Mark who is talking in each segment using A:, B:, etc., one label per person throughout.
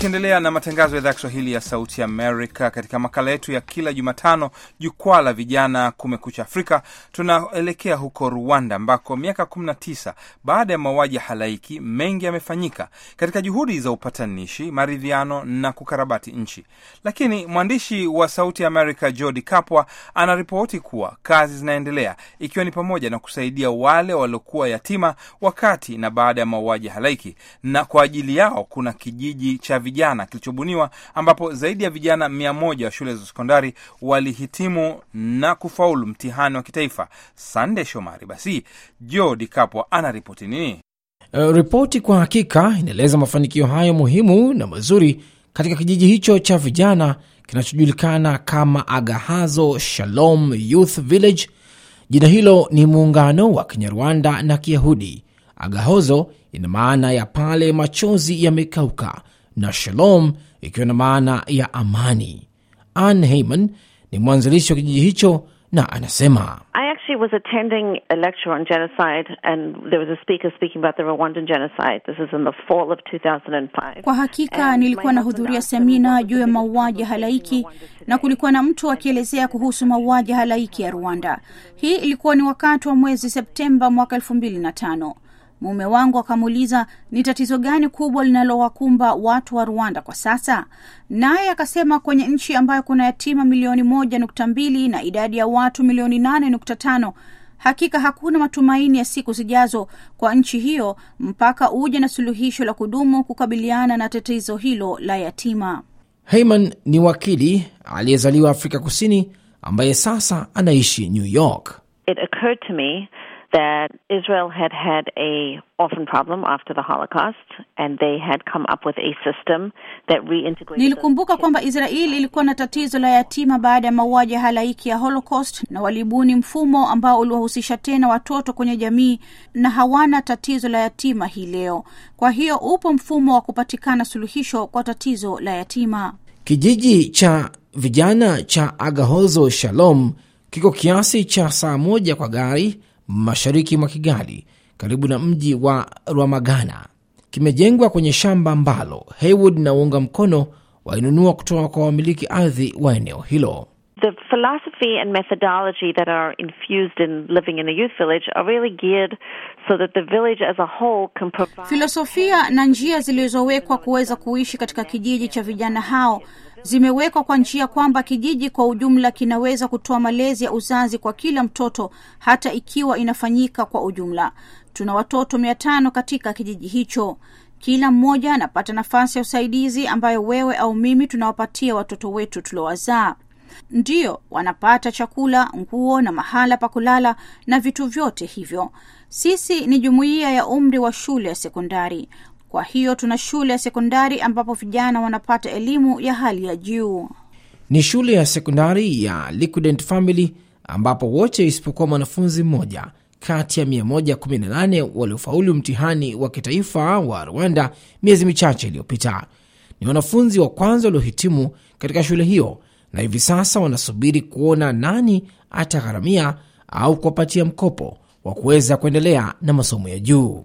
A: tukiendelea na matangazo ya idhaa ya Kiswahili ya Sauti Amerika, katika makala yetu ya kila Jumatano, Jukwaa la Vijana, Kumekucha Afrika, tunaelekea huko Rwanda ambako miaka 19 baada ya mauaji ya halaiki mengi yamefanyika katika juhudi za upatanishi, maridhiano na kukarabati nchi. Lakini mwandishi wa Sauti Amerika jodi Kapwa anaripoti kuwa kazi zinaendelea, ikiwa ni pamoja na kusaidia wale waliokuwa yatima wakati na baada ya mauaji halaiki, na kwa ajili yao kuna kijiji cha vijana kilichobuniwa ambapo zaidi ya vijana mia moja wa shule za sekondari walihitimu na kufaulu mtihani wa kitaifa. Sande Shomari. Basi Jo Dikapwa anaripoti nini?
B: Uh, ripoti kwa hakika inaeleza mafanikio hayo muhimu na mazuri katika kijiji hicho cha vijana kinachojulikana kama Agahazo Shalom Youth Village. Jina hilo ni muungano wa Kinyarwanda na Kiyahudi. Agahozo ina maana ya pale machozi yamekauka, na shalom ikiwa na maana ya amani. Ann Heyman ni mwanzilishi wa kijiji hicho na anasema
C: kwa hakika nilikuwa nahudhuria semina juu ya mauaji halaiki na kulikuwa na mtu akielezea kuhusu mauaji halaiki ya Rwanda. Hii ilikuwa ni wakati wa mwezi Septemba mwaka elfu mbili na tano. Mume wangu akamuuliza ni tatizo gani kubwa linalowakumba watu wa Rwanda kwa sasa, naye akasema kwenye nchi ambayo kuna yatima milioni moja nukta mbili na idadi ya watu milioni nane nukta tano hakika hakuna matumaini ya siku zijazo kwa nchi hiyo mpaka uje na suluhisho la kudumu kukabiliana na tatizo hilo la yatima.
B: Heyman ni wakili aliyezaliwa Afrika Kusini ambaye sasa anaishi New York.
D: It occurred to me that Israel had had a orphan problem after the Holocaust and they had come up with a system that reintegrated. Nilikumbuka kwamba Israeli
C: ilikuwa na tatizo la yatima baada ya mauaji halaiki ya Holocaust na walibuni mfumo ambao uliwahusisha tena watoto kwenye jamii na hawana tatizo la yatima hii leo. Kwa hiyo upo mfumo wa kupatikana suluhisho kwa tatizo la yatima.
B: Kijiji cha vijana cha Agahozo Shalom kiko kiasi cha saa moja kwa gari mashariki mwa Kigali, karibu na mji wa Rwamagana. Kimejengwa kwenye shamba ambalo heywood na uunga mkono walinunua kutoka kwa wamiliki ardhi wa eneo hilo.
D: The philosophy and methodology that are infused in living in a youth village are really geared so that the village as a whole can provide...
C: Filosofia na njia zilizowekwa kuweza kuishi katika kijiji cha vijana hao zimewekwa kwa njia kwamba kijiji kwa ujumla kinaweza kutoa malezi ya uzazi kwa kila mtoto hata ikiwa inafanyika kwa ujumla. Tuna watoto mia tano katika kijiji hicho. Kila mmoja anapata nafasi ya usaidizi ambayo wewe au mimi tunawapatia watoto wetu tuliowazaa. Ndiyo, wanapata chakula, nguo na mahala pa kulala na vitu vyote hivyo. Sisi ni jumuiya ya umri wa shule ya sekondari. Kwa hiyo tuna shule ya sekondari ambapo vijana wanapata elimu ya hali ya juu.
B: Ni shule ya sekondari ya Liquidnet Family ambapo wote isipokuwa mwanafunzi mmoja kati ya 118 waliofaulu mtihani wa kitaifa wa Rwanda miezi michache iliyopita ni wanafunzi wa kwanza waliohitimu katika shule hiyo, na hivi sasa wanasubiri kuona nani atagharamia au kuwapatia mkopo wa kuweza kuendelea na masomo ya juu.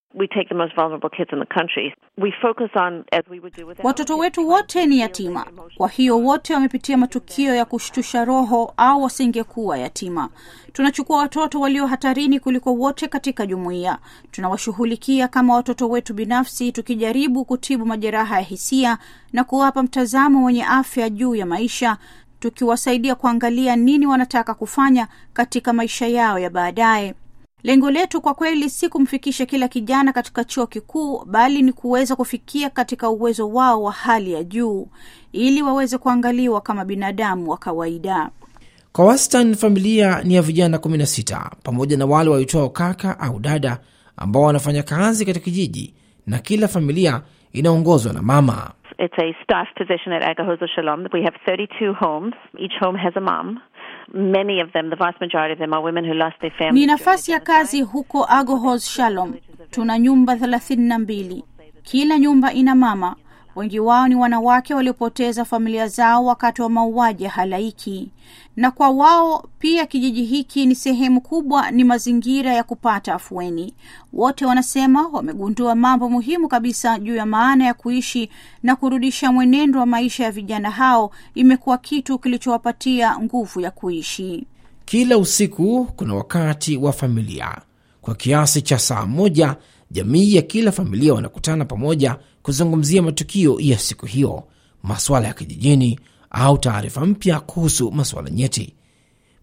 C: Watoto wetu wote ni yatima, kwa hiyo wote wamepitia matukio ya kushtusha roho, au wasingekuwa yatima. Tunachukua watoto walio hatarini kuliko wote katika jumuiya. Tunawashughulikia kama watoto wetu binafsi, tukijaribu kutibu majeraha ya hisia na kuwapa mtazamo wenye afya juu ya maisha, tukiwasaidia kuangalia nini wanataka kufanya katika maisha yao ya baadaye. Lengo letu kwa kweli si kumfikisha kila kijana katika chuo kikuu, bali ni kuweza kufikia katika uwezo wao wa hali ya juu, ili waweze kuangaliwa kama binadamu wa kawaida.
B: Kwa wastan familia ni ya vijana 16 pamoja na wale waitwao kaka au dada ambao wanafanya kazi katika kijiji, na kila familia inaongozwa na mama.
D: It's a staff position at Agahozo Shalom. We have 32 homes. Each home has a mom many of them, the vast majority of them are women who lost their Ni nafasi
C: ya kazi huko agohos Shalom. Tuna nyumba thelathini na mbili, kila nyumba ina mama Wengi wao ni wanawake waliopoteza familia zao wakati wa mauaji ya halaiki, na kwa wao pia kijiji hiki ni sehemu kubwa, ni mazingira ya kupata afueni. Wote wanasema wamegundua mambo muhimu kabisa juu ya maana ya kuishi na kurudisha mwenendo wa maisha ya vijana hao, imekuwa kitu kilichowapatia nguvu ya kuishi. Kila
B: usiku kuna wakati wa familia. Kwa kiasi cha saa moja, jamii ya kila familia wanakutana pamoja kuzungumzia matukio ya siku hiyo, masuala ya kijijini au taarifa mpya kuhusu masuala nyeti.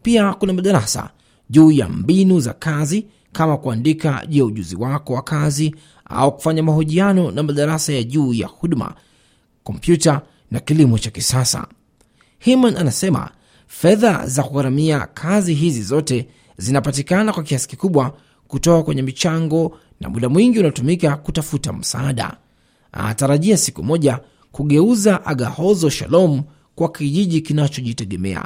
B: Pia kuna madarasa juu ya mbinu za kazi kama kuandika juu ya ujuzi wako wa kazi au kufanya mahojiano na madarasa ya juu ya huduma, kompyuta na kilimo cha kisasa. Himan anasema fedha za kugharamia kazi hizi zote zinapatikana kwa kiasi kikubwa kutoka kwenye michango na muda mwingi unaotumika kutafuta msaada anatarajia siku moja kugeuza Agahozo Shalom kwa kijiji kinachojitegemea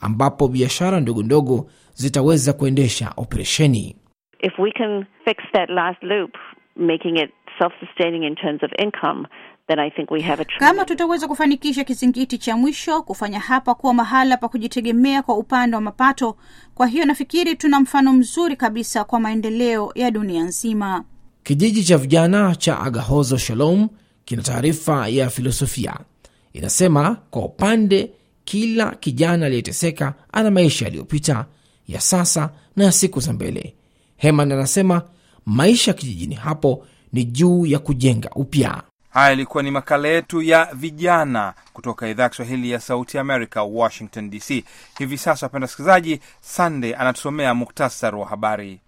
B: ambapo biashara ndogo ndogo zitaweza kuendesha operesheni.
D: If we can fix that last loop, making it self-sustaining in terms of income, then I think we have a kama tutaweza kufanikisha
C: kizingiti cha mwisho kufanya hapa kuwa mahala pa kujitegemea kwa upande wa mapato, kwa hiyo nafikiri tuna mfano mzuri kabisa kwa maendeleo ya dunia nzima.
B: Kijiji cha vijana cha Agahozo Shalom kina taarifa ya filosofia inasema, kwa upande kila kijana aliyeteseka ana maisha yaliyopita ya sasa na ya siku za mbele. Heman anasema maisha ya kijijini hapo ni juu ya kujenga upya.
A: Haya ilikuwa ni makala yetu ya vijana kutoka idhaa ya Kiswahili ya Sauti Amerika, Washington DC. Hivi sasa, wapenda wasikilizaji, Sandey anatusomea muktasar wa habari.